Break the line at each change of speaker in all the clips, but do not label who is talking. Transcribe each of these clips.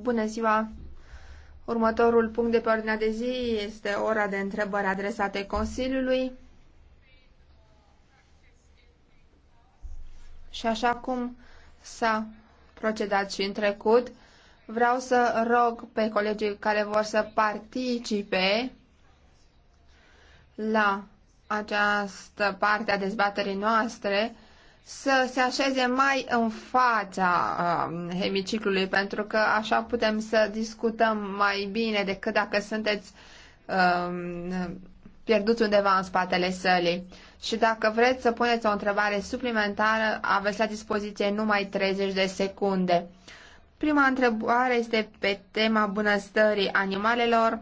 Bună ziua! Următorul punct de pe ordinea de zi este ora de întrebări adresate Consiliului. Și așa cum s-a procedat și în trecut, vreau să rog pe colegii care vor să participe la această parte a dezbaterii noastre să se așeze mai în fața uh, hemiciclului, pentru că așa putem să discutăm mai bine decât dacă sunteți uh, pierduți undeva în spatele sălii. Și dacă vreți să puneți o întrebare suplimentară, aveți la dispoziție numai 30 de secunde. Prima întrebare este pe tema bunăstării animalelor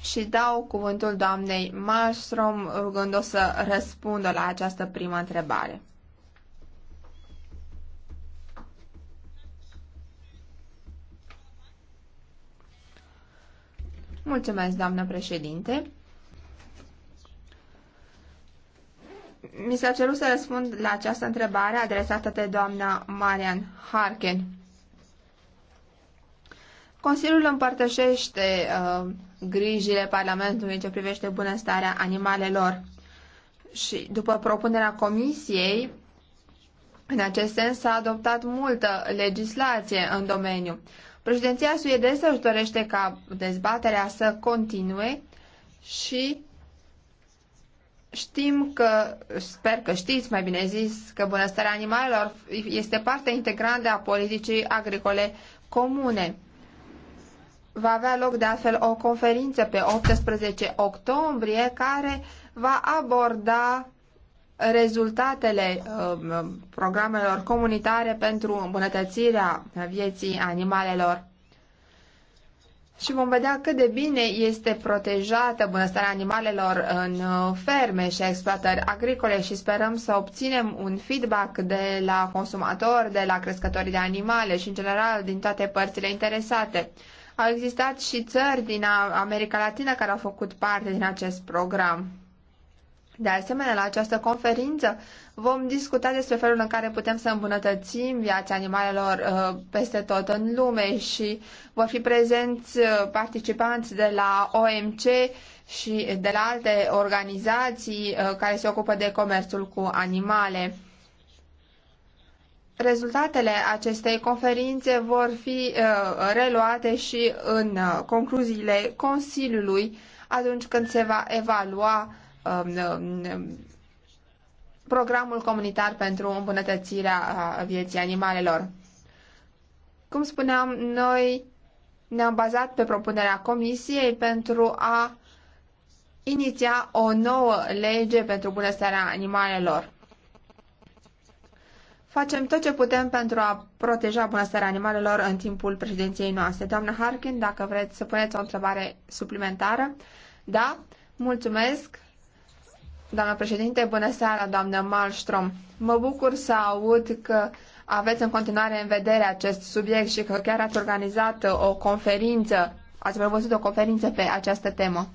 și dau cuvântul doamnei Malmström rugându-o să răspundă la această primă întrebare. Mulțumesc, doamnă președinte. Mi s-a cerut să răspund la această întrebare adresată de doamna Marian Harken. Consiliul împărtășește uh, grijile Parlamentului ce privește bunăstarea animalelor și după propunerea Comisiei, în acest sens s-a adoptat multă legislație în domeniu. Președinția suedeză își dorește ca dezbaterea să continue și Știm că, sper că știți, mai bine zis, că bunăstarea animalelor este parte integrantă a politicii agricole comune. Va avea loc de altfel o conferință pe 18 octombrie care va aborda rezultatele um, programelor comunitare pentru îmbunătățirea vieții animalelor. Și vom vedea cât de bine este protejată bunăstarea animalelor în uh, ferme și exploatări agricole și sperăm să obținem un feedback de la consumatori, de la crescătorii de animale și, în general, din toate părțile interesate. Au existat și țări din America Latină care au făcut parte din acest program. De asemenea, la această conferință vom discuta despre felul în care putem să îmbunătățim viața animalelor uh, peste tot în lume și vor fi prezenți uh, participanți de la OMC și de la alte organizații uh, care se ocupă de comerțul cu animale. Rezultatele acestei conferințe vor fi reluate și în concluziile Consiliului atunci când se va evalua Um, um, programul comunitar pentru îmbunătățirea uh, vieții animalelor. Cum spuneam, noi ne-am bazat pe propunerea Comisiei pentru a iniția o nouă lege pentru bunăstarea animalelor. Facem tot ce putem pentru a proteja bunăstarea animalelor în timpul președinției noastre. Doamna Harkin, dacă vreți să puneți o întrebare suplimentară, da, mulțumesc. Doamnă președinte, bună seara, doamnă Malmström. Mă bucur să aud că aveți în continuare în vedere acest subiect și că chiar ați organizat o conferință, ați prevăzut o conferință pe această temă.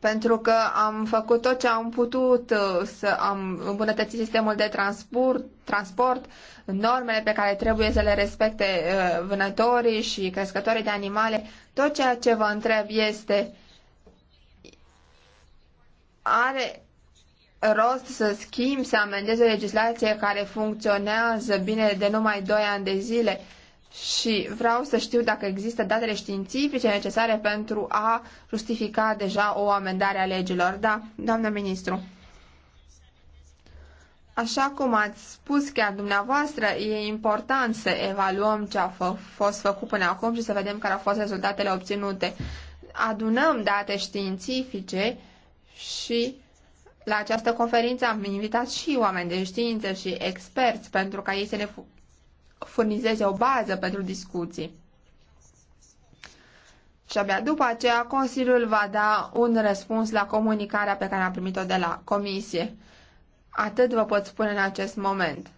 Pentru că am făcut tot ce am putut uh, să am îmbunătățit sistemul de transport, transport, normele pe care trebuie să le respecte uh, vânătorii și crescătorii de animale. Tot ceea ce vă întreb este uh, are rost să schimbi, să amendeze legislație care funcționează bine de numai 2 ani de zile și vreau să știu dacă există datele științifice necesare pentru a justifica deja o amendare a legilor. Da, doamnă ministru. Așa cum ați spus chiar dumneavoastră, e important să evaluăm ce a fost făcut până acum și să vedem care au fost rezultatele obținute. Adunăm date științifice și la această conferință am invitat și oameni de știință și experți pentru ca ei să ne furnizeze o bază pentru discuții. Și abia după aceea, Consiliul va da un răspuns la comunicarea pe care am primit-o de la Comisie. Atât vă pot spune în acest moment.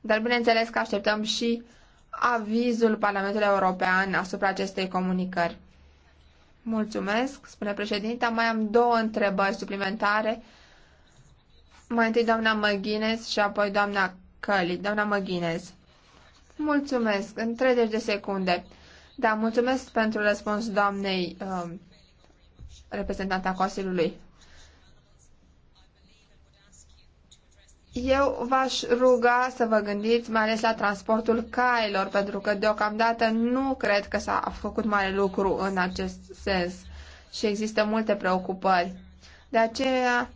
Dar bineînțeles că așteptăm și avizul Parlamentului European asupra acestei comunicări. Mulțumesc, spune președinta. Mai am două întrebări suplimentare. Mai întâi doamna Măghines și apoi doamna Căli. Doamna Măghines. Mulțumesc, în 30 de secunde. Da, mulțumesc pentru răspuns doamnei uh, reprezentanta Consiliului Eu v-aș ruga să vă gândiți mai ales la transportul cailor, pentru că deocamdată nu cred că s-a făcut mare lucru în acest sens și există multe preocupări. De aceea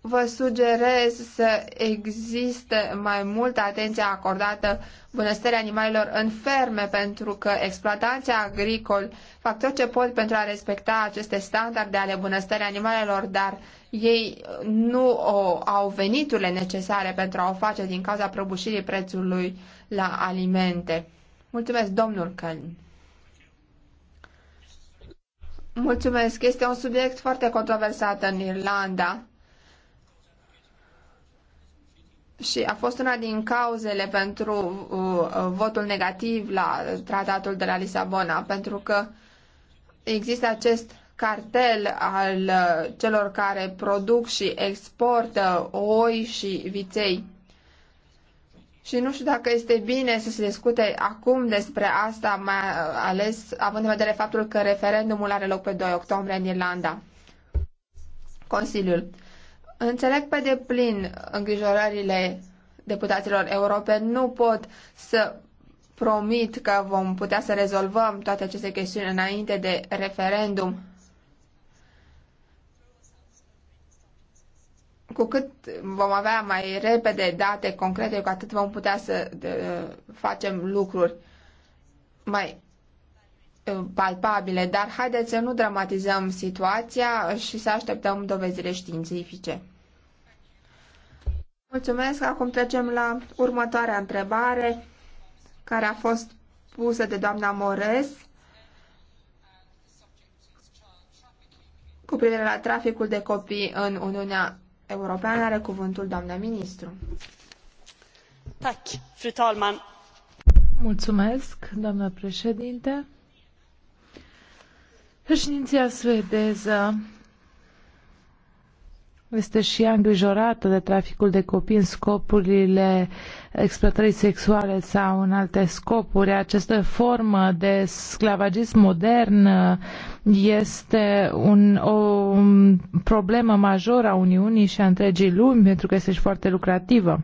vă sugerez să existe mai multă atenție acordată bunăstării animalelor în ferme, pentru că exploatanții agricoli fac tot ce pot pentru a respecta aceste standarde ale bunăstării animalelor, dar ei uh, nu o, au veniturile necesare pentru a o face din cauza prăbușirii prețului la alimente. Mulțumesc, domnul Călin. Mulțumesc. Este un subiect foarte controversat în Irlanda și a fost una din cauzele pentru uh, uh votul negativ la tratatul de la Lisabona, pentru că există acest cartel al uh, celor care produc și exportă oi și viței. Și nu știu dacă este bine să se discute acum despre asta, mai uh, ales având în vedere faptul că referendumul are loc pe 2 octombrie în Irlanda. Consiliul. Înțeleg pe deplin îngrijorările deputaților europeni. Nu pot să promit că vom putea să rezolvăm toate aceste chestiuni înainte de referendum, cu cât vom avea mai repede date concrete, cu atât vom putea să facem lucruri mai uh, palpabile, dar haideți să nu dramatizăm situația și să așteptăm dovezile științifice. Mulțumesc. Acum trecem la următoarea întrebare care a fost pusă de doamna Mores cu privire la traficul de copii în Uniunea European are cuvântul doamna ministru.
Tak, fru talman.
Mulțumesc, doamna președinte. Președinția suedeză este și ea îngrijorată de traficul de copii în scopurile exploatării sexuale sau în alte scopuri. Această formă de sclavagism modern este un, o problemă majoră a Uniunii și a întregii lumi pentru că este și foarte lucrativă.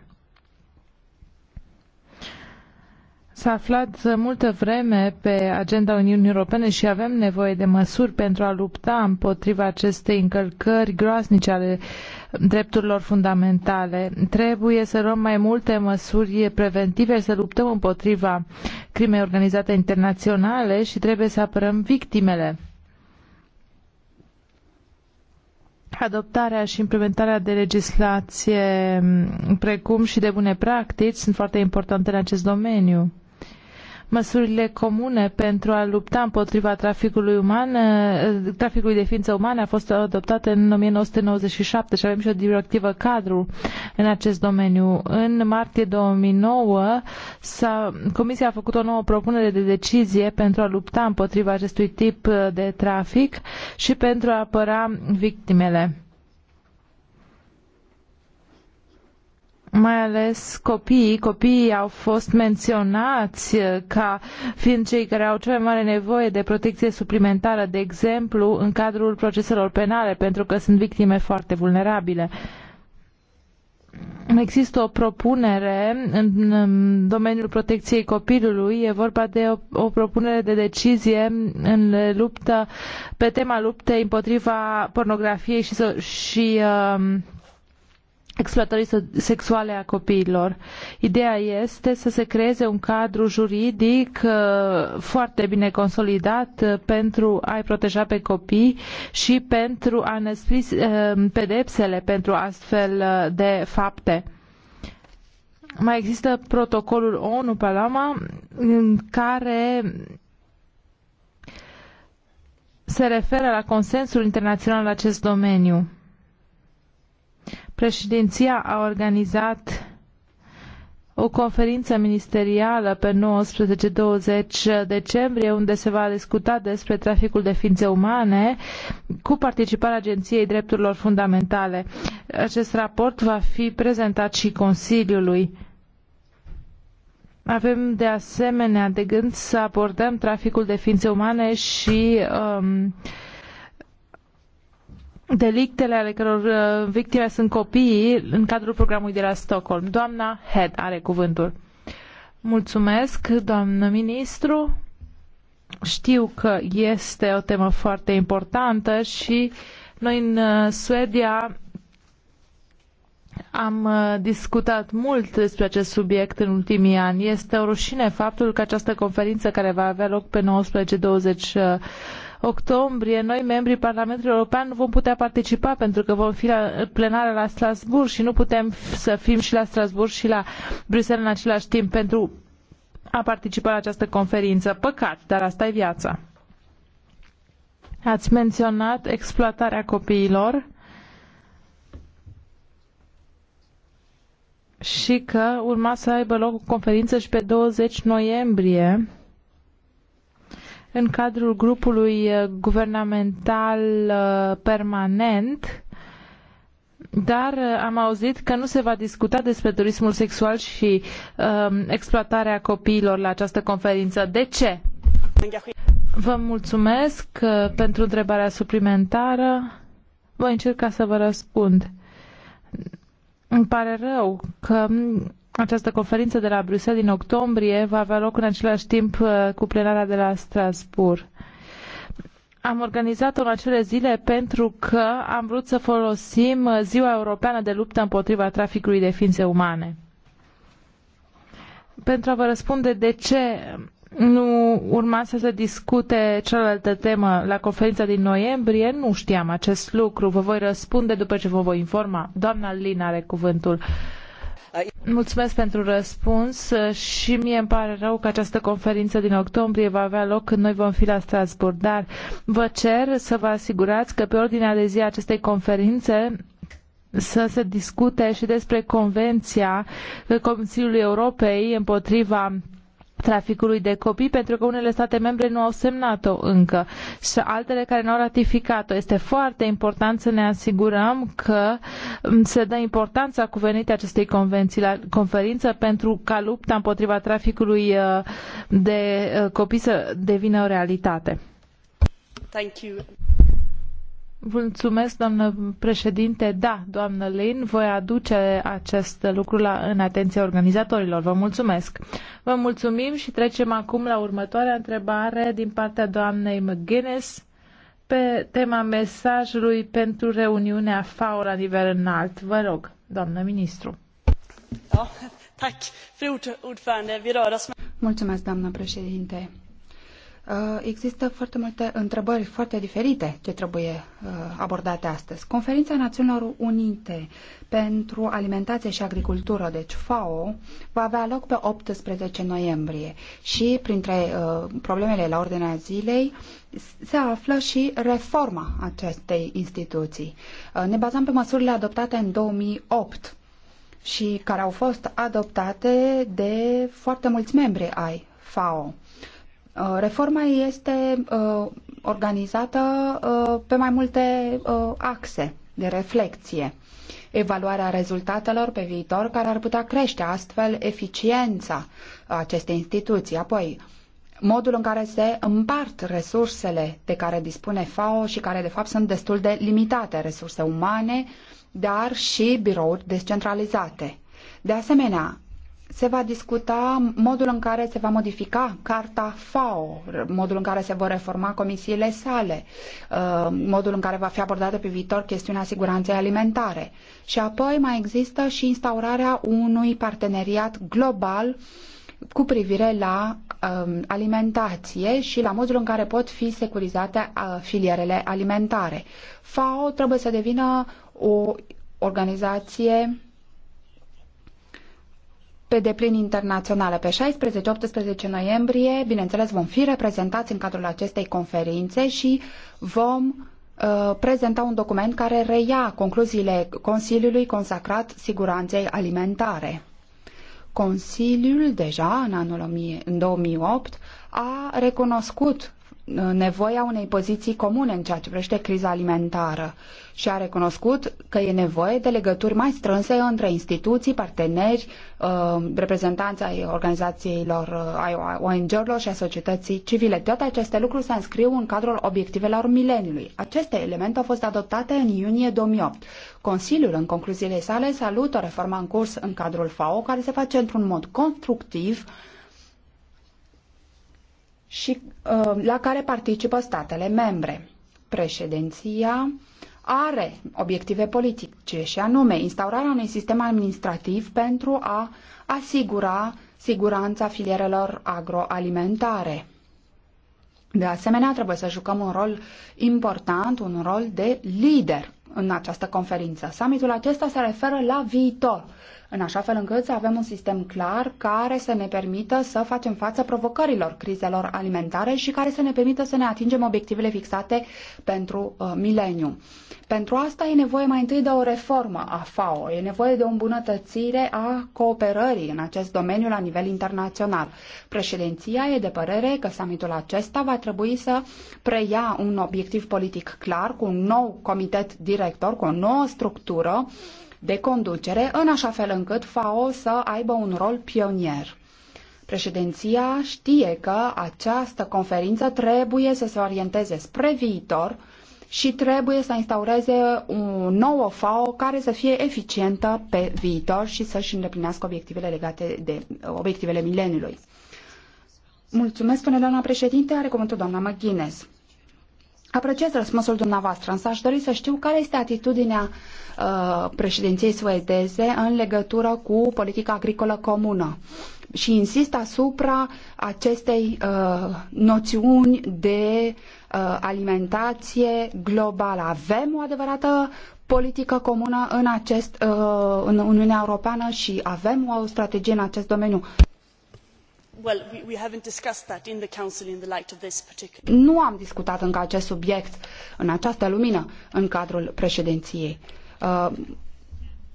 s-a aflat multă vreme pe agenda Uniunii Europene și avem nevoie de măsuri pentru a lupta împotriva acestei încălcări groaznice ale drepturilor fundamentale. Trebuie să luăm mai multe măsuri preventive, să luptăm împotriva crimei organizate internaționale și trebuie să apărăm victimele. Adoptarea și implementarea de legislație mm, precum și de bune practici sunt foarte importante în acest domeniu. Măsurile comune pentru a lupta împotriva traficului uman, eh, traficului de ființe umane a fost adoptată în 1997 și avem și o directivă cadru în acest domeniu. În martie 2009 a Comisia a făcut o nouă propunere de decizie pentru a lupta împotriva acestui tip eh, de trafic și pentru a apăra victimele. mai ales copiii. Copiii au fost menționați eh, ca fiind cei care au cea mai mare nevoie de protecție suplimentară, de exemplu, în cadrul proceselor penale, pentru că sunt victime foarte vulnerabile. Există o propunere în domeniul protecției copilului, e vorba de o, o propunere de decizie în luptă, pe tema luptei împotriva pornografiei și, și uh, exploatării sexuale a copiilor. Ideea este să se creeze un cadru juridic uh, foarte bine consolidat uh, pentru a-i proteja pe copii și pentru a năspri uh, pedepsele pentru astfel de fapte. Mai există protocolul ONU Palama în care se referă la consensul internațional în acest domeniu. Președinția a organizat o conferință ministerială pe 19-20 decembrie, unde se va discuta despre traficul de ființe umane cu participarea Agenției Drepturilor Fundamentale. Acest raport va fi prezentat și Consiliului. Avem de asemenea de gând să abordăm traficul de ființe umane și um, delictele ale căror uh, victime sunt copiii în cadrul programului de la Stockholm. Doamna Head are cuvântul. Mulțumesc, doamnă ministru. Știu că este o temă foarte importantă și noi în uh, Suedia am uh, discutat mult despre acest subiect în ultimii ani. Este o rușine faptul că această conferință care va avea loc pe 19-20 octombrie noi, membrii Parlamentului European, nu vom putea participa pentru că vom fi la plenară la Strasbourg și nu putem să fim și la Strasbourg și la Bruxelles în același timp pentru a participa la această conferință. Păcat, dar asta e viața. Ați menționat exploatarea copiilor și că urma să aibă loc o conferință și pe 20 noiembrie în cadrul grupului uh, guvernamental uh, permanent, dar uh, am auzit că nu se va discuta despre turismul sexual și um, exploatarea copiilor la această conferință. De ce? Vă mulțumesc pentru întrebarea suplimentară. Voi încerca să vă răspund. Îmi pare rău că această conferință de la Bruxelles din octombrie va avea loc în același timp uh, cu plenarea de la Strasbourg. Am organizat-o în acele zile pentru că am vrut să folosim uh, Ziua Europeană de luptă împotriva traficului de ființe umane. Pentru a vă răspunde de ce nu urma să se discute cealaltă temă la conferința din noiembrie, nu știam acest lucru. Vă voi răspunde după ce vă voi informa. Doamna Lina are cuvântul. Uh, Mulțumesc pentru răspuns și mie îmi pare rău că această conferință din octombrie va avea loc când noi vom fi la Strasbourg, dar vă cer să vă asigurați că pe ordinea de zi a acestei conferințe să se discute și despre Convenția Consiliului Europei împotriva traficului de copii, pentru că unele state membre nu au semnat-o încă și altele care nu au ratificat-o. Este foarte important să ne asigurăm că mm, se dă importanța cuvenită acestei convenții la conferință pentru ca lupta împotriva traficului uh, de uh, copii să devină o realitate. Thank you. Mulțumesc, doamnă președinte. Da, doamnă Lin, voi aduce acest lucru la, în atenția organizatorilor. Vă mulțumesc. Vă mulțumim și trecem acum la următoarea întrebare din partea doamnei McGuinness pe tema mesajului pentru reuniunea FAO la nivel înalt. Vă rog, doamnă ministru.
Mulțumesc, doamnă președinte. Uh, există foarte multe întrebări foarte diferite ce trebuie uh, abordate astăzi. Conferința Națiunilor Unite pentru Alimentație și Agricultură, deci FAO, va avea loc pe 18 noiembrie și printre uh, problemele la ordinea zilei se află și reforma acestei instituții. Ne bazăm pe măsurile adoptate în 2008 și care au fost adoptate de foarte mulți membri ai FAO. Uh, reforma este uh, organizată uh, pe mai multe axe de reflexie. Evaluarea rezultatelor pe viitor care ar putea crește astfel eficiența acestei instituții. Apoi, modul în care se împart resursele de care dispune FAO și care de fapt sunt destul de limitate, resurse umane, dar și birouri descentralizate. De asemenea, se va discuta modul în care se va modifica Carta FAO, modul în care se vor reforma comisiile sale, uh, modul în care va fi abordată pe viitor chestiunea siguranței alimentare. Și apoi mai există și instaurarea unui parteneriat global cu privire la um, alimentație și la modul în care pot fi securizate uh, filierele alimentare. FAO trebuie să devină o organizație de deplin internaționale Pe 16-18 noiembrie, bineînțeles, vom fi reprezentați în cadrul acestei conferințe și vom uh, prezenta un document care reia concluziile Consiliului consacrat siguranței alimentare. Consiliul deja în anul 2008 a recunoscut nevoia unei poziții comune în ceea ce privește criza alimentară și a recunoscut că e nevoie de legături mai strânse între instituții, parteneri, uh, reprezentanți ai organizațiilor, uh, ai ONG-urilor și a societății civile. Toate aceste lucruri se înscriu în cadrul obiectivelor mileniului. Aceste elemente au fost adoptate în iunie 2008. Consiliul, în concluziile sale, salută reforma în curs în cadrul FAO, care se face într-un mod constructiv, și uh, la care participă statele membre. Președinția are obiective politice și anume instaurarea unui sistem administrativ pentru a asigura siguranța filierelor agroalimentare. De asemenea, trebuie să jucăm un rol important, un rol de lider în această conferință. Summitul acesta se referă la viitor, în așa fel încât să avem un sistem clar care să ne permită să facem față provocărilor crizelor alimentare și care să ne permită să ne atingem obiectivele fixate pentru uh, mileniu. Pentru asta e nevoie mai întâi de o reformă a FAO, e nevoie de o îmbunătățire a cooperării în acest domeniu la nivel internațional. Președinția e de părere că summitul acesta va trebui să preia un obiectiv politic clar cu un nou comitet direct sector, cu o nouă structură de conducere, în așa fel încât FAO să aibă un rol pionier. Președinția știe că această conferință trebuie să se orienteze spre viitor și trebuie să instaureze o nouă FAO care să fie eficientă pe viitor și să-și îndeplinească obiectivele legate de obiectivele mileniului. Mulțumesc, până doamna președinte, are cuvântul doamna McGuinness. Apreciez răspunsul dumneavoastră, însă aș dori să știu care este atitudinea uh, președinției suedeze în legătură cu politica agricolă comună. Și insist asupra acestei uh, noțiuni de uh, alimentație globală. Avem o adevărată politică comună în, acest, uh, în Uniunea Europeană și avem o strategie în acest domeniu
discussed that in the Council in the light of this particular...
Nu am discutat încă acest subiect în această lumină în cadrul președinției. Uh,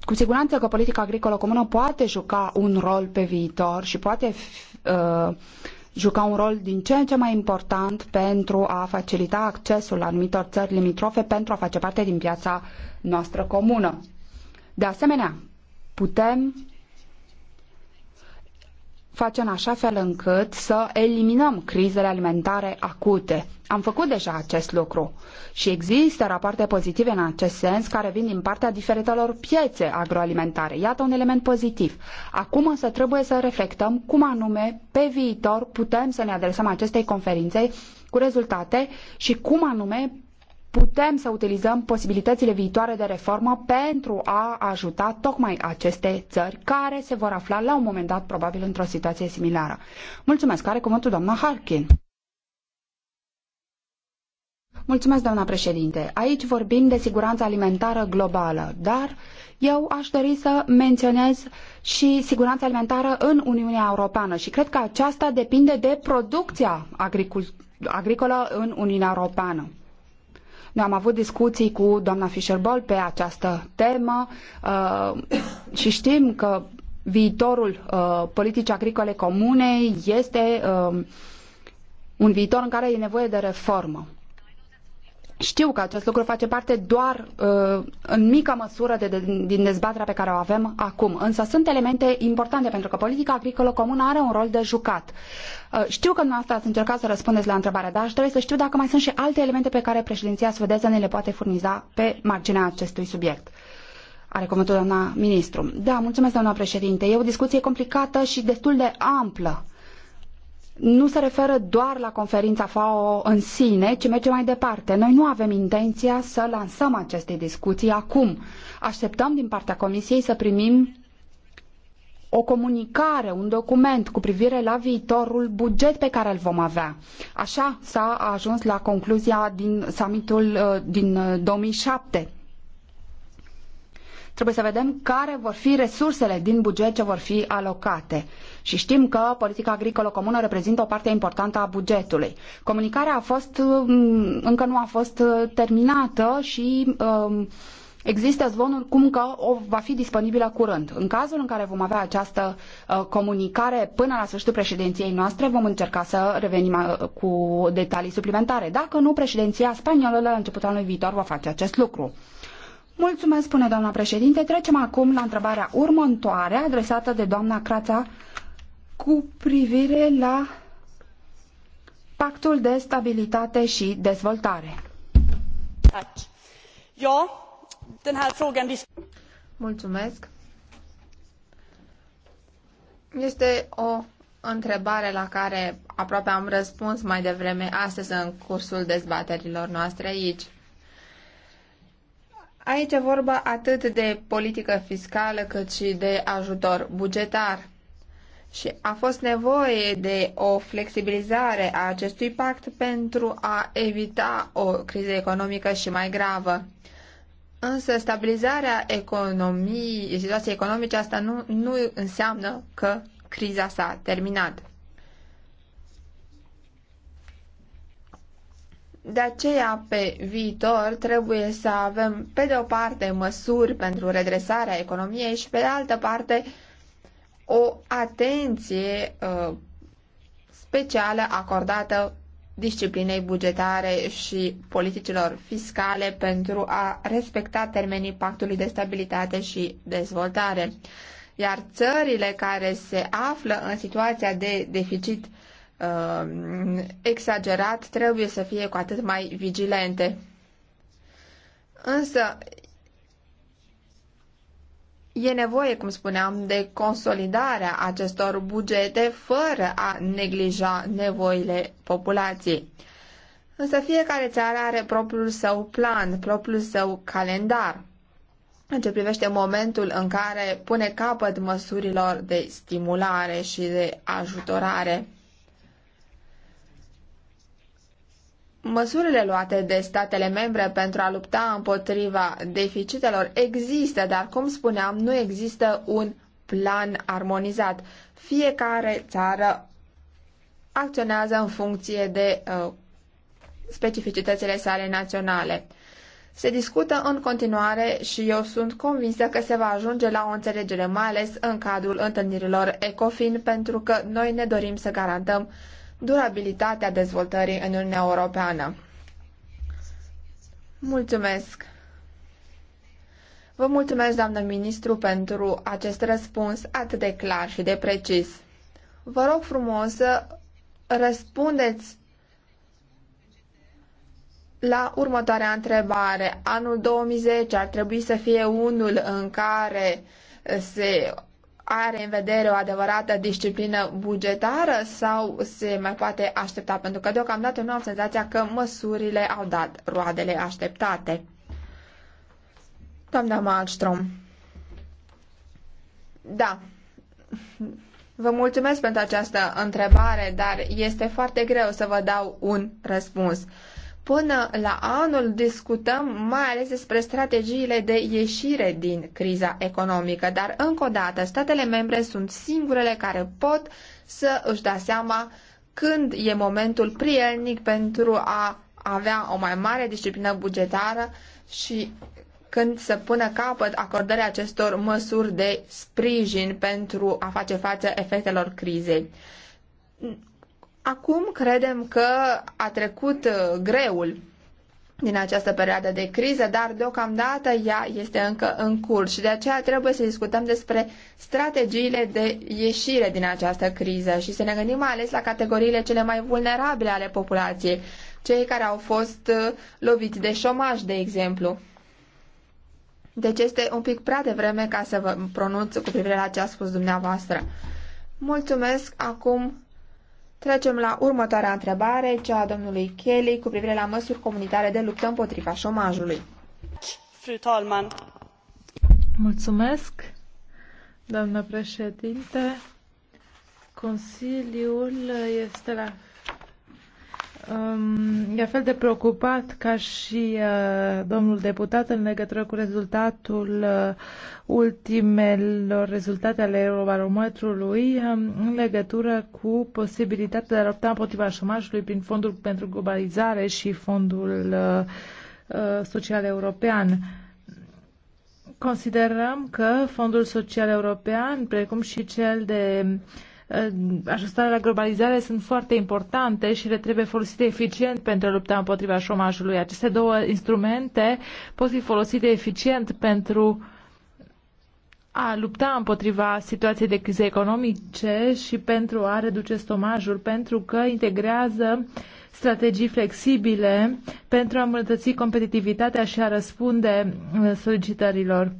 cu siguranță că politica agricolă comună poate juca un rol pe viitor și poate uh, juca un rol din ce în ce mai important pentru a facilita accesul anumitor țări limitrofe pentru a face parte din piața noastră comună. De asemenea, putem face în așa fel încât să eliminăm crizele alimentare acute. Am făcut deja acest lucru și există rapoarte pozitive în acest sens care vin din partea diferitelor piețe agroalimentare. Iată un element pozitiv. Acum însă trebuie să reflectăm cum anume pe viitor putem să ne adresăm acestei conferințe cu rezultate și cum anume putem să utilizăm posibilitățile viitoare de reformă pentru a ajuta tocmai aceste țări care se vor afla la un moment dat probabil într-o situație similară. Mulțumesc. Are cuvântul doamna Harkin. Mulțumesc, doamna președinte. Aici vorbim de siguranța alimentară globală, dar eu aș dori să menționez și siguranța alimentară în Uniunea Europeană și cred că aceasta depinde de producția agricolă în Uniunea Europeană. Noi am avut discuții cu doamna Fischer-Boll pe această temă uh, și știm că viitorul uh, politicii agricole comune este uh, un viitor în care e nevoie de reformă. Știu că acest lucru face parte doar uh, în mică măsură de, de, din dezbaterea pe care o avem acum, însă sunt elemente importante pentru că politica agricolă comună are un rol de jucat. Uh, știu că dumneavoastră ați încercat să răspundeți la întrebarea, dar aș dori să știu dacă mai sunt și alte elemente pe care președinția suedeză ne le poate furniza pe marginea acestui subiect. Are cuvântul doamna ministru. Da, mulțumesc doamna președinte. E o discuție complicată și destul de amplă nu se referă doar la conferința FAO în sine, ci merge mai departe. Noi nu avem intenția să lansăm aceste discuții acum. Așteptăm din partea Comisiei să primim o comunicare, un document cu privire la viitorul buget pe care îl vom avea. Așa s-a ajuns la concluzia din summitul uh, din 2007. Uh, Trebuie să vedem care vor fi resursele din buget ce vor fi alocate. Și știm că politica agricolă comună reprezintă o parte importantă a bugetului. Comunicarea a fost, um, încă nu a fost uh, terminată și um, Există zvonul cum că o va fi disponibilă curând. În cazul în care vom avea această uh, comunicare până la sfârșitul președinției noastre, vom încerca să revenim uh, cu detalii suplimentare. Dacă nu, președinția spaniolă la începutul anului viitor va face acest lucru. Mulțumesc, spune doamna președinte. Trecem acum la întrebarea următoare adresată de doamna Crața cu privire la Pactul de Stabilitate și Dezvoltare.
Mulțumesc. Este o întrebare la care aproape am răspuns mai devreme astăzi în cursul dezbaterilor noastre aici. Aici e vorba atât de politică fiscală cât și de ajutor bugetar. Și a fost nevoie de o flexibilizare a acestui pact pentru a evita o criză economică și mai gravă. Însă stabilizarea economiei, situației economice, asta nu, nu înseamnă că criza s-a terminat. De aceea, pe viitor, trebuie să avem, pe de o parte, măsuri pentru redresarea economiei și, pe de altă parte, o atenție uh, specială acordată disciplinei bugetare și politicilor fiscale pentru a respecta termenii Pactului de Stabilitate și Dezvoltare. Iar țările care se află în situația de deficit Um, exagerat, trebuie să fie cu atât mai vigilente. Însă, e nevoie, cum spuneam, de consolidarea acestor bugete fără a neglija nevoile populației. Însă fiecare țară are propriul său plan, propriul său calendar, în ce privește momentul în care pune capăt măsurilor de stimulare și de ajutorare. Măsurile luate de statele membre pentru a lupta împotriva deficitelor există, dar, cum spuneam, nu există un plan armonizat. Fiecare țară acționează în funcție de uh, specificitățile sale naționale. Se discută în continuare și eu sunt convinsă că se va ajunge la o înțelegere, mai ales în cadrul întâlnirilor ECOFIN, pentru că noi ne dorim să garantăm uh, durabilitatea dezvoltării în Uniunea Europeană. Mulțumesc! Vă mulțumesc, doamnă ministru, pentru acest răspuns atât de clar și de precis. Vă rog frumos să răspundeți la următoarea întrebare. Anul 2010 ar trebui să fie unul în care se are în vedere o adevărată disciplină bugetară sau se mai poate aștepta? Pentru că deocamdată nu am senzația că măsurile au dat roadele așteptate. Doamna Malmström, da, vă mulțumesc pentru această întrebare, dar este foarte greu să vă dau un răspuns. Până la anul discutăm mai ales despre strategiile de ieșire din criza economică, dar încă o dată statele membre sunt singurele care pot să își dea seama când e momentul prielnic pentru a avea o mai mare disciplină bugetară și când să pună capăt acordarea acestor măsuri de sprijin pentru a face față efectelor crizei Acum credem că a trecut uh, greul din această perioadă de criză, dar deocamdată ea este încă în curs și de aceea trebuie să discutăm despre strategiile de ieșire din această criză și să ne gândim mai ales la categoriile cele mai vulnerabile ale populației, cei care au fost uh, loviți de șomaj, de exemplu. Deci este un pic prea devreme ca să vă pronunț cu privire la ce a spus dumneavoastră. Mulțumesc acum Trecem la următoarea întrebare, cea a domnului Kelly, cu privire la măsuri comunitare de
luptă împotriva șomajului. Mulțumesc, doamnă președinte. Consiliul este la e fel de preocupat ca și uh, domnul deputat în legătură cu rezultatul uh, ultimelor rezultate ale Eurobarometrului în legătură cu posibilitatea de a lupta împotriva șomajului prin Fondul pentru Globalizare și Fondul uh, Social European. Considerăm că Fondul Social European, precum și cel de uh, ajustarea la globalizare sunt foarte importante și le trebuie folosite eficient pentru a lupta împotriva șomajului. Aceste două instrumente pot fi folosite eficient pentru a lupta împotriva situației de crize economice și pentru a reduce stomajul, pentru că integrează strategii flexibile pentru a îmbunătăți competitivitatea și a răspunde solicitărilor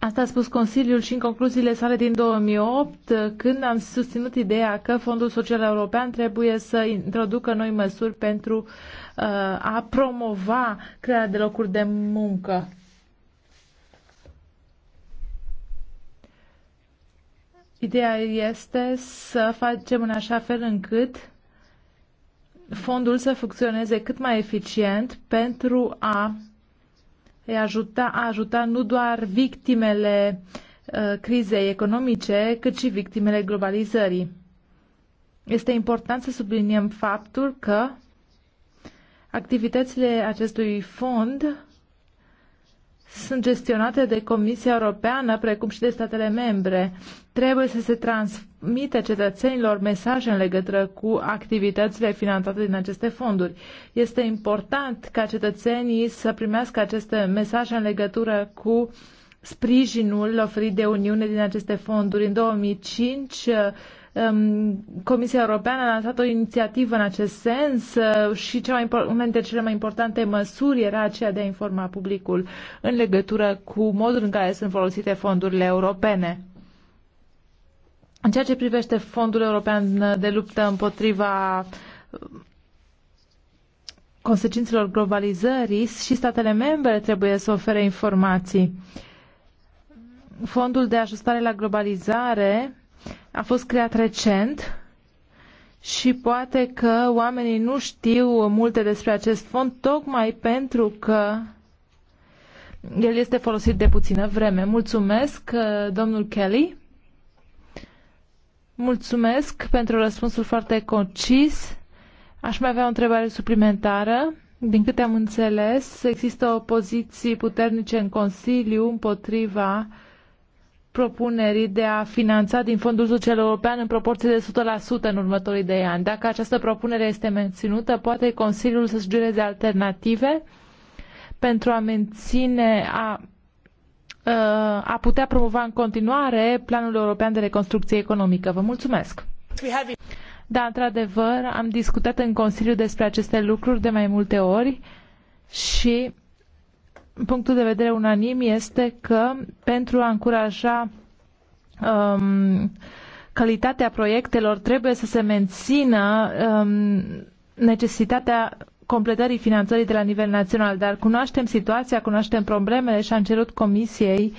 Asta a spus Consiliul și în concluziile sale din 2008, când am susținut ideea că Fondul Social European trebuie să introducă noi măsuri pentru uh, a promova crearea de locuri de muncă. Ideea este să facem în așa fel încât fondul să funcționeze cât mai eficient pentru a ajuta, a ajuta nu doar victimele uh, crizei economice, cât și victimele globalizării. Este important să subliniem faptul că activitățile acestui fond sunt gestionate de Comisia Europeană, precum și de statele membre. Trebuie să se transmită cetățenilor mesaje în legătură cu activitățile finanțate din aceste fonduri. Este important ca cetățenii să primească aceste mesaje în legătură cu sprijinul oferit de Uniune din aceste fonduri. În 2005, Ehm, Comisia Europeană a lansat o inițiativă în acest sens uh, și cea mai, una dintre cele mai importante măsuri era aceea de a informa publicul în legătură cu modul în care sunt folosite fondurile europene. În ceea ce privește Fondul European de luptă împotriva uh, consecințelor globalizării, și statele membre trebuie să ofere informații. Fondul de ajustare la globalizare a fost creat recent și poate că oamenii nu știu multe despre acest fond tocmai pentru că el este folosit de puțină vreme. Mulțumesc, uh, domnul Kelly. Mulțumesc pentru răspunsul foarte concis. Aș mai avea o întrebare suplimentară. Din câte am înțeles, există opoziții puternice în Consiliu împotriva uh, propunerii de a finanța din Fondul Social European în proporție de 100% în următorii de ani. Dacă această propunere este menținută, poate Consiliul să sugereze alternative pentru a menține, a, ă, a putea promova în continuare Planul European de Reconstrucție Economică. Vă mulțumesc! Da, într-adevăr, am discutat în Consiliu despre aceste lucruri de mai multe ori și punctul de vedere unanim este că pentru a încuraja um, calitatea proiectelor trebuie să se mențină um, necesitatea completării finanțării de la nivel național, dar cunoaștem situația, cunoaștem problemele și am cerut Comisiei uh,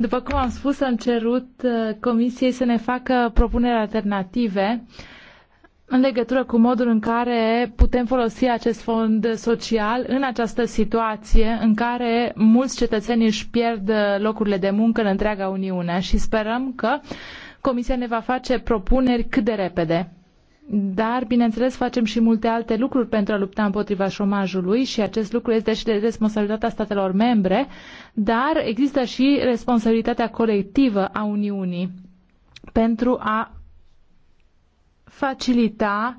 după cum am spus, am cerut uh, Comisiei să ne facă propuneri alternative în legătură cu modul în care putem folosi acest fond social în această situație în care mulți cetățeni își pierd uh, locurile de muncă în întreaga Uniune și sperăm că Comisia ne va face propuneri cât de repede. Dar, bineînțeles, facem și multe alte lucruri pentru a lupta împotriva șomajului și acest lucru este și de responsabilitatea statelor membre, dar există și responsabilitatea colectivă a Uniunii pentru a facilita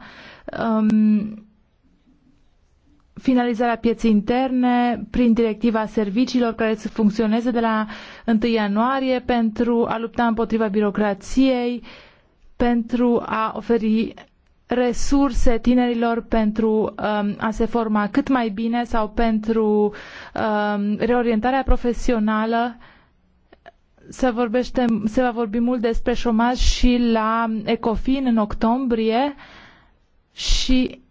um, finalizarea pieței interne prin directiva serviciilor care să funcționeze de la 1 ianuarie pentru a lupta împotriva birocrației, pentru a oferi resurse tinerilor pentru um, a se forma cât mai bine sau pentru um, reorientarea profesională. Se, vorbește, se va vorbi mult despre șomaj și la Ecofin în octombrie și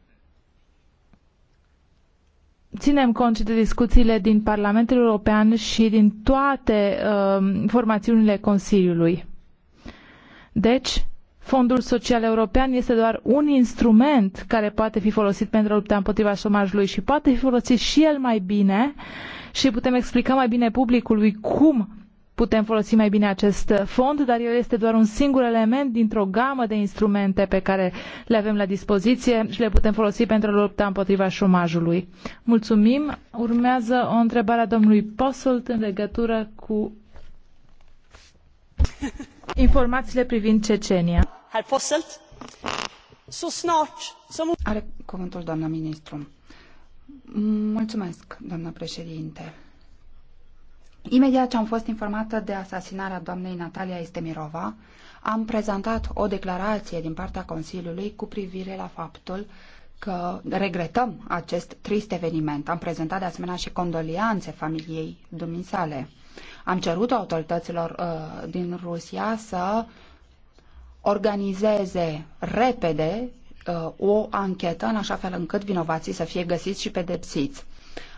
ținem cont și de discuțiile din Parlamentul European și din toate um, formațiunile Consiliului. Deci, Fondul Social European este doar un instrument care poate fi folosit pentru a lupta împotriva șomajului și poate fi folosit și el mai bine și putem explica mai bine publicului cum putem folosi mai bine acest fond, dar el este doar un singur element dintr-o gamă de instrumente pe care le avem la dispoziție și le putem folosi pentru a lupta împotriva șomajului. Mulțumim. Urmează o întrebare a domnului Posolt în legătură cu informațiile privind Cecenia.
Are cuvântul doamna ministru. Mulțumesc, doamna președinte. Imediat ce am fost informată de asasinarea doamnei Natalia Estemirova, am prezentat o declarație din partea Consiliului cu privire la faptul că regretăm acest trist eveniment. Am prezentat de asemenea și condolianțe familiei dumisale. Am cerut autorităților uh, din Rusia să uh, organizeze repede uh, o anchetă în așa fel încât vinovații să fie găsiți și pedepsiți.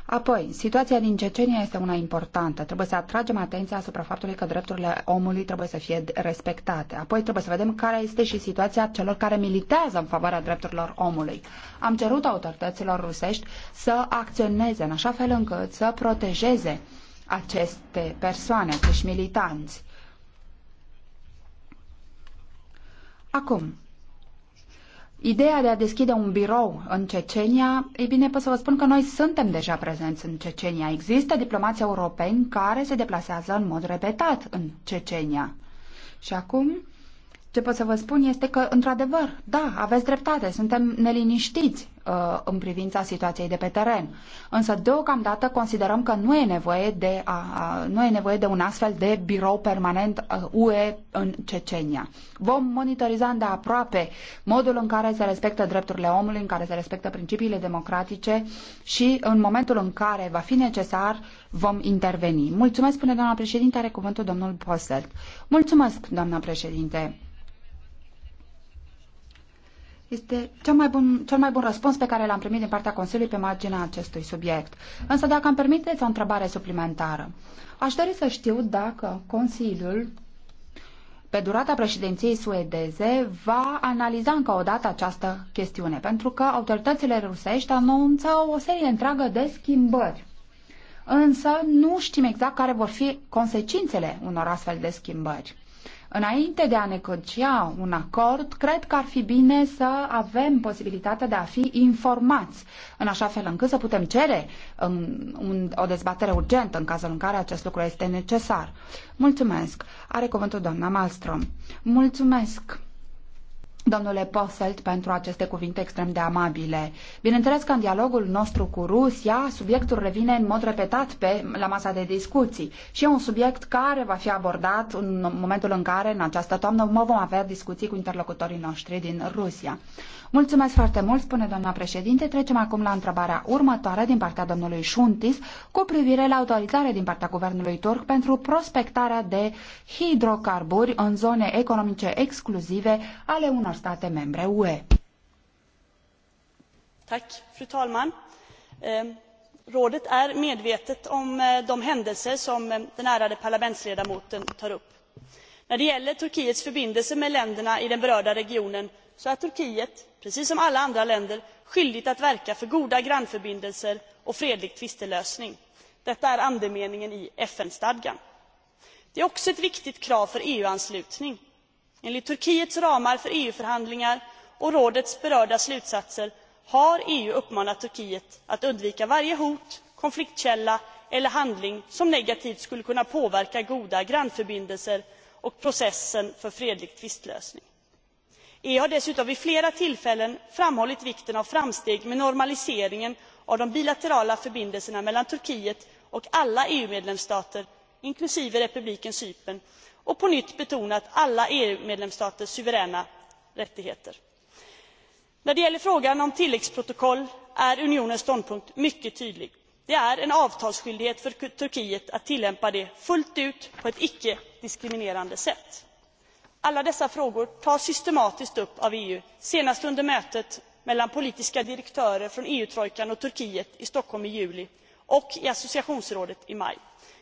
Apoi, situația din Cecenia este una importantă. Trebuie să atragem atenția asupra faptului că drepturile omului trebuie să fie respectate. Apoi trebuie să vedem care este și situația celor care militează în favoarea drepturilor omului. Am cerut autorităților rusești să acționeze în așa fel încât să protejeze aceste persoane, acești militanți. Acum, Ideea de a deschide un birou în Cecenia, e bine, pot să vă spun că noi suntem deja prezenți în Cecenia. Există diplomații europeni care se deplasează în mod repetat în Cecenia. Și acum, ce pot să vă spun este că, într-adevăr, da, aveți dreptate, suntem neliniștiți. Uh, în privința situației de pe teren. Însă, deocamdată, considerăm că nu e nevoie de, a, a, nu e nevoie de un astfel de birou permanent UE uh, în Cecenia. Vom monitoriza de aproape modul în care se respectă drepturile omului, în care se respectă principiile democratice și în momentul în care va fi necesar, vom interveni. Mulțumesc, spune doamna președinte, are cuvântul domnul Posselt. Mulțumesc, doamna președinte. Este cel mai, bun, cel mai bun răspuns pe care l-am primit din partea Consiliului pe marginea acestui subiect. Însă, dacă îmi permiteți o întrebare suplimentară, aș dori să știu dacă Consiliul, pe durata președinției suedeze, va analiza încă o dată această chestiune, pentru că autoritățile rusești anunță o serie întreagă de schimbări. Însă, nu știm exact care vor fi consecințele unor astfel de schimbări. Înainte de a negocia un acord, cred că ar fi bine să avem posibilitatea de a fi informați, în așa fel încât să putem cere um, un, o dezbatere urgentă în cazul în care acest lucru este necesar. Mulțumesc. Are cuvântul doamna Malmström. Mulțumesc domnule Posselt, pentru aceste cuvinte extrem de amabile. Bineînțeles că în dialogul nostru cu Rusia, subiectul revine în mod repetat pe, la masa de discuții și e un subiect care va fi abordat în momentul în care, în această toamnă, mă vom avea discuții cu interlocutorii noștri din Rusia. Mulțumesc foarte mult, spune doamna președinte. Trecem acum la întrebarea următoare din partea domnului Șuntis cu privire la autorizare din partea guvernului turc pentru prospectarea de hidrocarburi în zone economice exclusive ale unor unor state membre ue.
fru talman! Ehm, rådet är medvetet om eh, de händelser som eh, den ärade parlamentsledamoten tar upp. när det gäller turkiets förbindelser med länderna i den berörda regionen är turkiet precis som alla andra länder skyldigt att verka för goda grannförbindelser och fredlig tvistelösning. detta är andemeningen i fn stadgan. det är också ett viktigt krav för eu anslutning enligt turkiets ramar för eu förhandlingar och rådets berörda slutsatser har eu uppmanat turkiet att undvika varje hot konfliktkälla eller handling som negativt skulle kunna påverka goda grannförbindelser och processen för fredlig tvistlösning. eu har dessutom vid flera tillfällen framhållit vikten av framsteg med normaliseringen av de bilaterala förbindelserna mellan turkiet och alla eu medlemsstater inklusive republiken cypern och på nytt betonat alla eu medlemsstaters suveräna rättigheter. när det gäller frågan om tilläggsprotokoll är unionens ståndpunkt mycket tydlig det är en avtalsskyldighet för turkiet att tillämpa det fullt ut på ett icke diskriminerande sätt. alla dessa frågor tas systematiskt upp av eu senast under mötet mellan politiska direktörer från eu trojkan och turkiet i stockholm i juli och i associationsrådet i maj.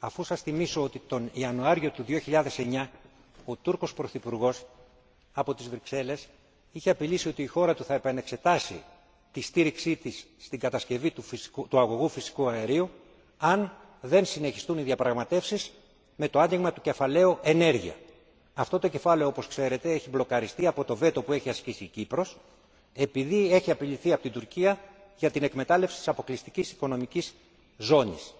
αφού σας θυμίσω ότι τον ιανουάριο του 2009 ο τούρκος πρωθυπουργός από τις βρυξέλλες είχε απειλήσει ότι η χώρα του θα επανεξετάσει τη στήριξή της στην κατασκευή του, φυσικού, του αγωγού φυσικού αερίου αν δεν συνεχιστούν οι διαπραγματεύσεις με το άνοιγμα του κεφαλαίου ενέργεια. αυτό το κεφάλαιο όπως ξέρετε έχει μπλοκαριστεί από το βέτο που έχει ασκήσει η κύπρος επειδή έχει απειληθεί από την τουρκία για την εκμετάλλευση της αποκλειστικής οικονομικής ζώνης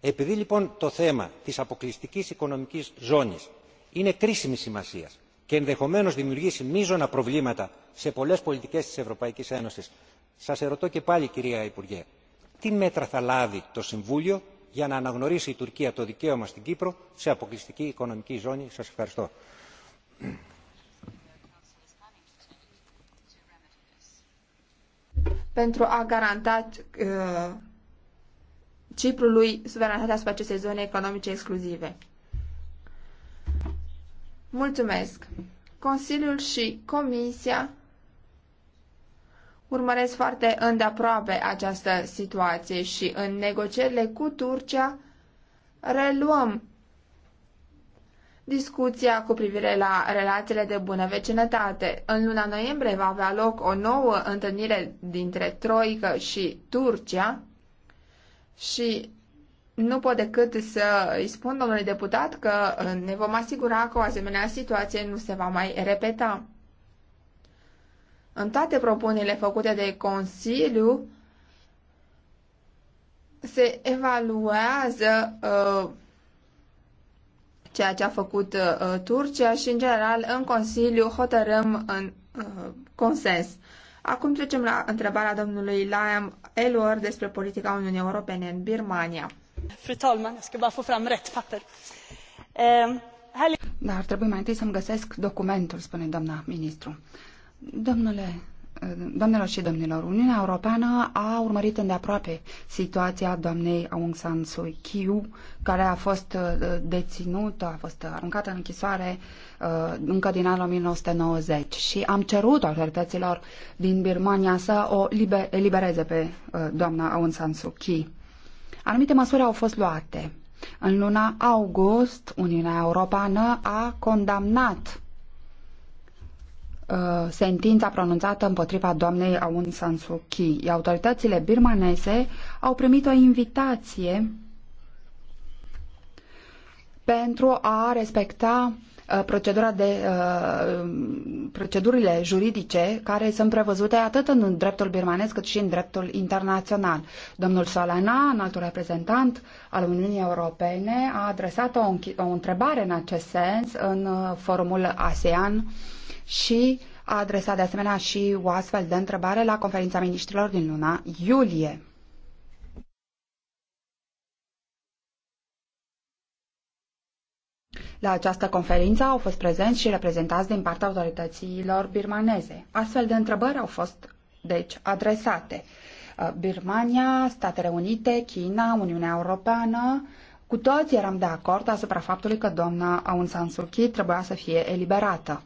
επειδή λοιπόν το θέμα της αποκλειστικής οικονομικής ζώνης είναι κρίσιμης σημασίας και ενδεχομένως δημιουργήσει μείζωνα προβλήματα σε πολλές πολιτικές της ευρωπαϊκής ένωσης σας ερωτώ και πάλι κυρία υπουργέ τι μέτρα θα λάβει το συμβούλιο για να αναγνωρίσει η τουρκία το δικαίωμα στην κύπρο σε αποκλειστική οικονομική ζώνη. σας ευχαριστώ.
Pentru a garanta uh, Ciprului suveranitatea asupra acestei zone economice exclusive. Mulțumesc! Consiliul și Comisia urmăresc foarte îndeaproape această situație și în negocierile cu Turcia reluăm discuția cu privire la relațiile de bună vecinătate. În luna noiembrie va avea loc o nouă întâlnire dintre Troică și Turcia și nu pot decât să îi spun domnului deputat că uh, ne vom asigura că o asemenea situație nu se va mai repeta. În toate propunerile făcute de Consiliu se evaluează uh, ceea ce a făcut uh, Turcia și, în general, în Consiliu hotărâm în uh, consens. Acum trecem la întrebarea domnului Liam Elor despre
politica Uniunii Europene în Birmania. Fru talman, jag ska bara få fram rätt papper.
Ehm, Dar da, trebuie mai întâi să-mi găsesc documentul, spune doamna ministru. Domnule Doamnelor și domnilor, Uniunea Europeană a urmărit îndeaproape situația doamnei Aung San Suu Kyi, care a fost uh, deținută, a fost aruncată în închisoare uh, încă din anul 1990 și am cerut autorităților din Birmania să o elibereze pe uh, doamna Aung San Suu Kyi. Anumite măsuri au fost luate. În luna august, Uniunea Europeană a condamnat Uh, sentința pronunțată împotriva doamnei Aung San Suu Kyi. Autoritățile birmanese au primit o invitație pentru a respecta uh, procedura de, uh, procedurile juridice care sunt prevăzute atât în dreptul birmanesc cât și în dreptul internațional. Domnul Solana, înaltul reprezentant al Uniunii Europene, a adresat o, o întrebare în acest sens în uh, forumul ASEAN și a adresat de asemenea și o astfel de întrebare la conferința ministrilor din luna iulie. La această conferință au fost prezenți și reprezentați din partea autorităților birmaneze. Astfel de întrebări au fost, deci, adresate. Uh, Birmania, Statele Unite, China, Uniunea Europeană, cu toți eram de acord asupra faptului că doamna Aung San Suu Kyi trebuia să fie eliberată.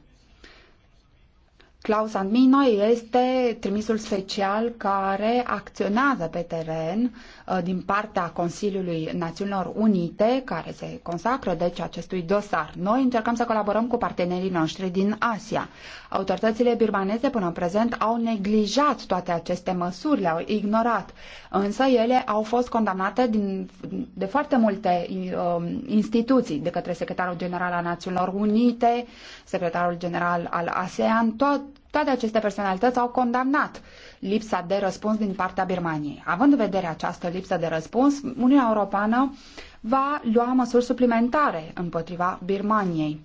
Klaus Andmino este trimisul special care acționează pe teren uh, din partea Consiliului Națiunilor Unite, care se consacră deci acestui dosar. Noi încercăm să colaborăm cu partenerii noștri din Asia. Autoritățile birmaneze până în prezent au neglijat toate aceste măsuri, le-au ignorat, însă ele au fost condamnate din, de foarte multe um, instituții, de către Secretarul General al Națiunilor Unite, Secretarul General al ASEAN, tot toate aceste personalități au condamnat lipsa de răspuns din partea Birmaniei. Având în vedere această lipsă de răspuns, Uniunea Europeană va lua măsuri suplimentare împotriva Birmaniei.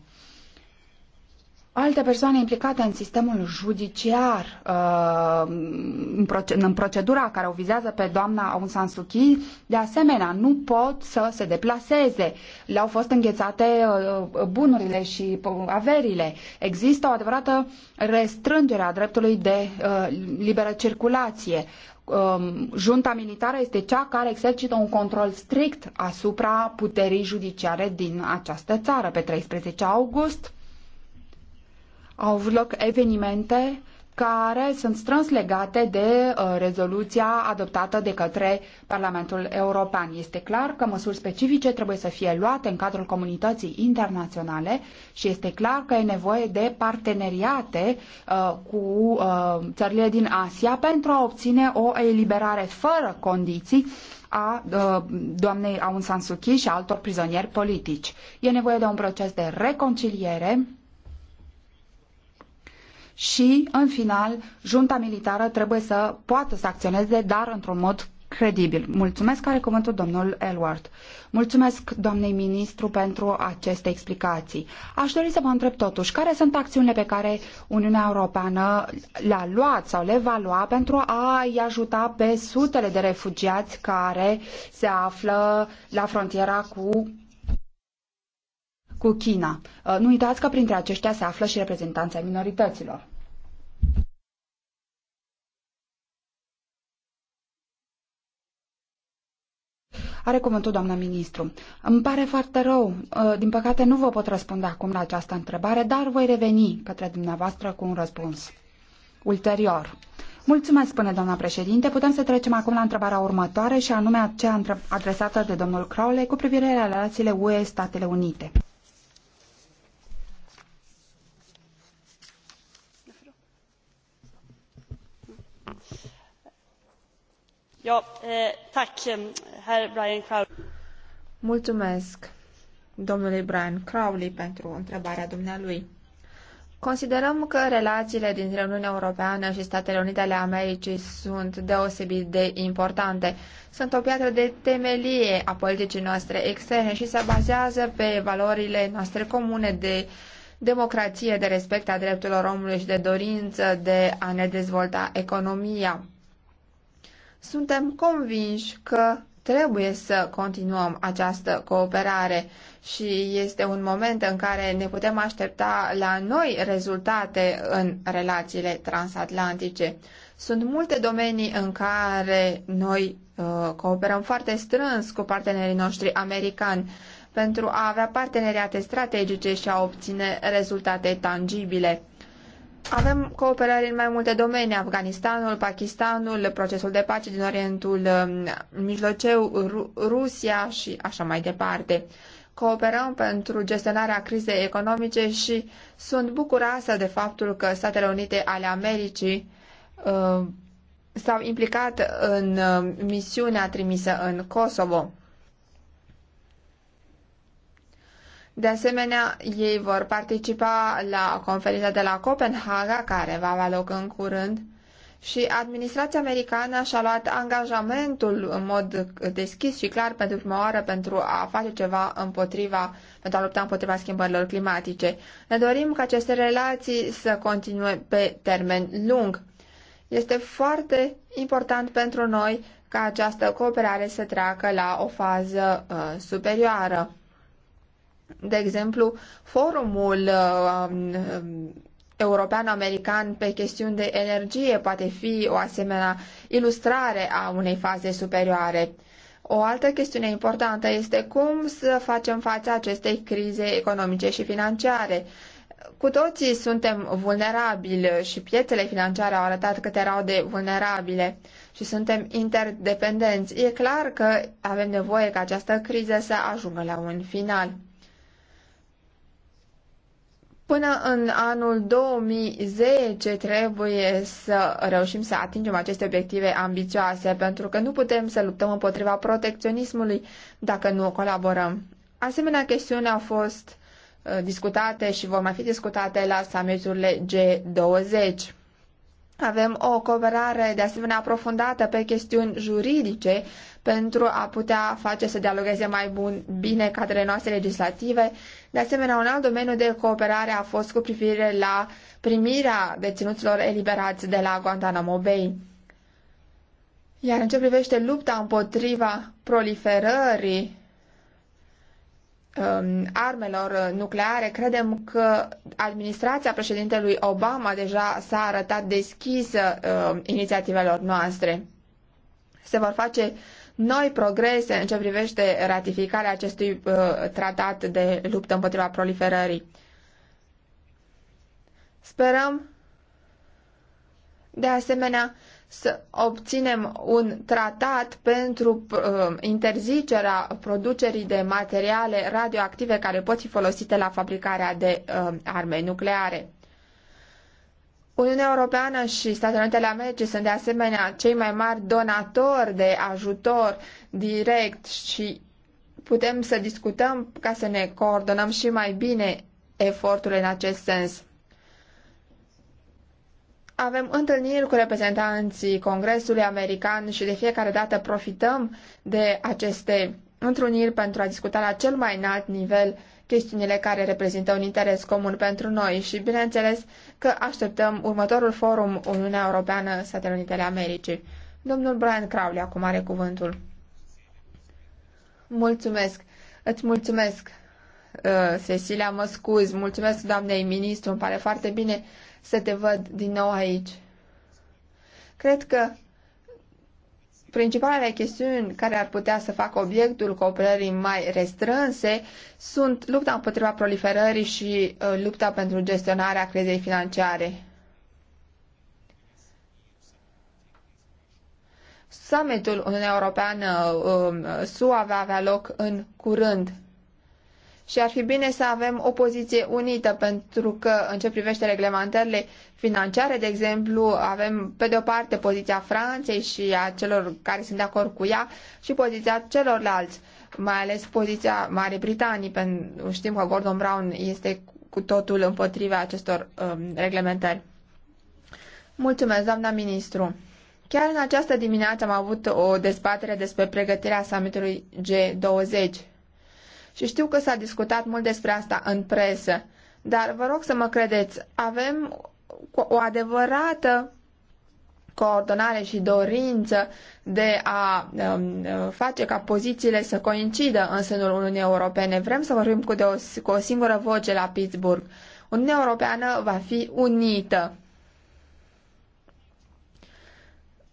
Alte persoane implicate în sistemul judiciar, uh, în procedura care o vizează pe doamna Aung San Suu Kyi, de asemenea, nu pot să se deplaseze. Le-au fost înghețate uh, bunurile și uh, averile. Există o adevărată restrângere a dreptului de liberă circulație. Um, junta militară este cea care exercită un control strict asupra puterii judiciare din această țară. Pe 13 august au avut loc evenimente care sunt strâns legate de uh, rezoluția adoptată de către Parlamentul European. Este clar că măsuri specifice trebuie să fie luate în cadrul comunității internaționale și este clar că e nevoie de parteneriate uh, cu uh, țările din Asia pentru a obține o eliberare fără condiții a doamnei Aung San Suu Kyi și a altor prizonieri politici. E nevoie de un proces de reconciliere și, în final, junta militară trebuie să poată să acționeze, dar într-un mod credibil. Mulțumesc, are cuvântul domnul Elward. Mulțumesc, doamnei ministru, pentru aceste explicații. Aș dori să vă întreb totuși, care sunt acțiunile pe care Uniunea Europeană le-a luat sau le va lua pentru a-i ajuta pe sutele de refugiați care se află la frontiera cu cu China. Uh, nu uitați că printre aceștia se află și reprezentanța minorităților. Are cuvântul doamna ministru. Îmi pare foarte rău. Uh, din păcate nu vă pot răspunde acum la această întrebare, dar voi reveni către dumneavoastră cu un răspuns. Ulterior. Mulțumesc, spune doamna președinte. Putem să trecem acum la întrebarea următoare și anume aceea adresată de domnul Crowley cu privire la relațiile UE-Statele Unite.
Eh, eh,
Mulțumesc domnului Brian Crowley pentru întrebarea dumnealui. Considerăm că relațiile dintre Uniunea Europeană și Statele Unite ale Americii sunt deosebit de importante. Sunt o piatră de temelie a politicii noastre externe și se bazează pe valorile noastre comune de democrație, de respect a drepturilor omului și de dorință de a ne dezvolta economia. Suntem convinși că trebuie să continuăm această cooperare și este un moment în care ne putem aștepta la noi rezultate în relațiile transatlantice. Sunt multe domenii în care noi uh, cooperăm foarte strâns cu partenerii noștri americani pentru a avea parteneriate strategice și a obține rezultate tangibile. Avem cooperare în mai multe domenii, Afganistanul, Pakistanul, procesul de pace din Orientul um, Mijlociu, Rusia și așa mai departe. Cooperăm pentru gestionarea crizei economice și sunt bucuroasă de faptul că Statele Unite ale Americii uh, s-au implicat în uh, misiunea trimisă în Kosovo. De asemenea, ei vor participa la conferința de la Copenhaga, care va avea loc în curând, și administrația americană și-a luat angajamentul în mod deschis și clar pentru prima oară pentru a face ceva împotriva, pentru a lupta împotriva schimbărilor climatice. Ne dorim ca aceste relații să continue pe termen lung. Este foarte important pentru noi ca această cooperare să treacă la o fază uh, superioară. De exemplu, forumul um, um, european-american pe chestiuni de energie poate fi o asemenea ilustrare a unei faze superioare. O altă chestiune importantă este cum să facem față acestei crize economice și financiare. Cu toții suntem vulnerabili și piețele financiare au arătat cât erau de vulnerabile și suntem interdependenți. E clar că avem nevoie ca această criză să ajungă la un final. Până în anul 2010 trebuie să reușim să atingem aceste obiective ambițioase, pentru că nu putem să luptăm împotriva protecționismului dacă nu colaborăm. Asemenea, chestiuni au fost uh, discutate și vor mai fi discutate la summiturile G20. Avem o cooperare de asemenea aprofundată pe chestiuni juridice pentru a putea face să dialogueze mai bun, bine cadrele noastre legislative. De asemenea, un alt domeniu de cooperare a fost cu privire la primirea deținuților eliberați de la Guantanamo Bay. Iar în ce privește lupta împotriva proliferării um, armelor nucleare, credem că administrația președintelui Obama deja s-a arătat deschisă um, inițiativelor noastre. Se vor face noi progrese în ce privește ratificarea acestui uh, tratat de luptă împotriva proliferării. Sperăm de asemenea să obținem un tratat pentru uh, interzicerea producerii de materiale radioactive care pot fi folosite la fabricarea de uh, arme nucleare. Uniunea Europeană și Statele Unite ale Americii sunt de asemenea cei mai mari donatori de ajutor direct și putem să discutăm ca să ne coordonăm și mai bine eforturile în acest sens. Avem întâlniri cu reprezentanții Congresului American și de fiecare dată profităm de aceste întruniri pentru a discuta la cel mai înalt nivel chestiunile care reprezintă un interes comun pentru noi și, bineînțeles, că așteptăm următorul forum Uniunea Europeană Statele Unitele Americii. Domnul Brian Crowley acum are cuvântul. Mulțumesc. Îți mulțumesc, uh, Cecilia, mă scuz. Mulțumesc, doamnei ministru. Îmi pare foarte bine să te văd din nou aici. Cred că Principalele chestiuni care ar putea să facă obiectul cooperării mai restrânse sunt lupta împotriva proliferării și uh, lupta pentru gestionarea crizei financiare. Summitul Uniunea Europeană-SUA uh, uh, va avea loc în curând și ar fi bine să avem o poziție unită pentru că în ce privește reglementările financiare, de exemplu, avem pe de o parte poziția Franței și a celor care sunt de acord cu ea și poziția celorlalți, mai ales poziția Marii Britanii, pentru știm că Gordon Brown este cu totul împotriva acestor um, reglementări. Mulțumesc, doamna ministru. Chiar în această dimineață am avut o dezbatere despre pregătirea summitului G20 și știu că s-a discutat mult despre asta în presă, dar vă rog să mă credeți, avem o adevărată coordonare și dorință de a um, face ca pozițiile să coincidă în sânul Uniunii Europene. Vrem să vorbim cu, o, cu o singură voce la Pittsburgh. Uniunea Europeană va fi unită.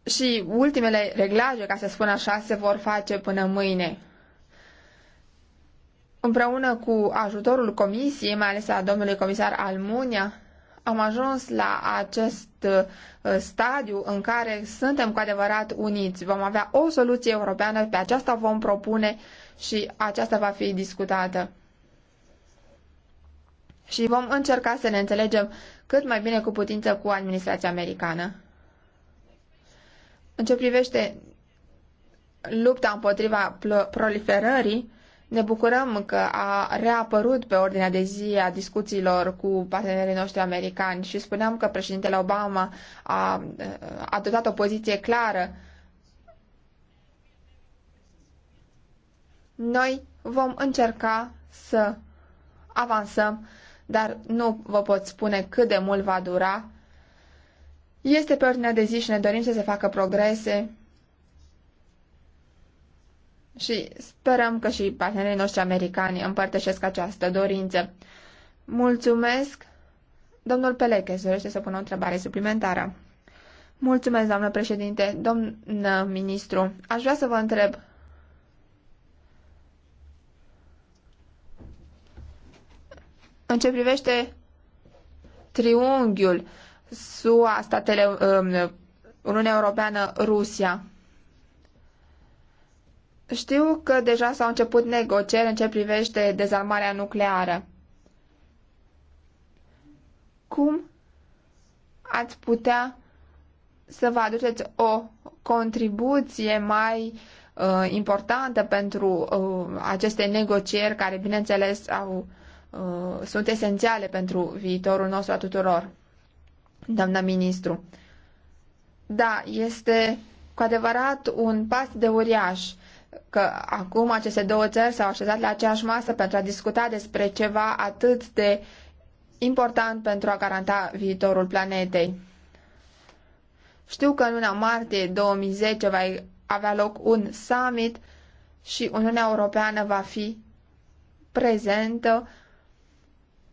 Și ultimele reglaje, ca să spun așa, se vor face până mâine. Împreună cu ajutorul comisiei, mai ales a domnului comisar Almunia, am ajuns la acest uh, stadiu în care suntem cu adevărat uniți. Vom avea o soluție europeană, pe aceasta vom propune și aceasta va fi discutată. Și vom încerca să ne înțelegem cât mai bine cu putință cu administrația americană. În ce privește lupta împotriva proliferării, ne bucurăm că a reapărut pe ordinea de zi a discuțiilor cu partenerii noștri americani și spuneam că președintele Obama a adoptat o poziție clară. Noi vom încerca să avansăm, dar nu vă pot spune cât de mult va dura. Este pe ordinea de zi și ne dorim să se facă progrese și sperăm că și partenerii noștri americani împărtășesc această dorință. Mulțumesc! Domnul Peleche dorește să pună o întrebare suplimentară. Mulțumesc, doamnă președinte, domnă ministru. Aș vrea să vă întreb. În ce privește triunghiul SUA, statele, um, Uniunea Europeană, Rusia, știu că deja s-au început negocieri în ce privește dezarmarea nucleară. Cum ați putea să vă aduceți o contribuție mai uh, importantă pentru uh, aceste negocieri care, bineînțeles, au, uh, sunt esențiale pentru viitorul nostru a tuturor, doamna ministru. Da, este cu adevărat un pas de uriaș că acum aceste două țări s-au așezat la aceeași masă pentru a discuta despre ceva atât de important pentru a garanta viitorul planetei. Știu că în luna martie 2010 va avea loc un summit și Uniunea Europeană va fi prezentă,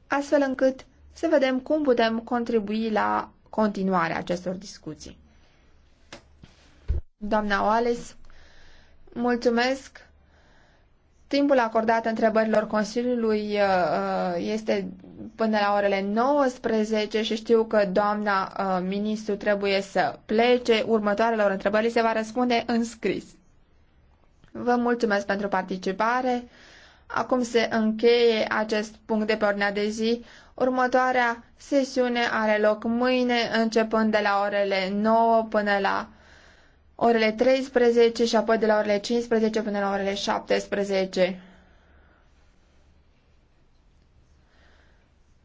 astfel încât să vedem cum putem contribui la continuarea acestor discuții. Doamna Wallace, Mulțumesc. Timpul acordat întrebărilor Consiliului uh, uh, este până la orele 19 și știu că doamna uh, ministru trebuie să plece. Următoarelor întrebări se va răspunde în scris. Vă mulțumesc pentru participare. Acum se încheie acest punct de pe ordinea de zi. Următoarea sesiune are loc mâine, începând de la orele 9 până la orele 13 și apoi de la orele
15 până la orele 17.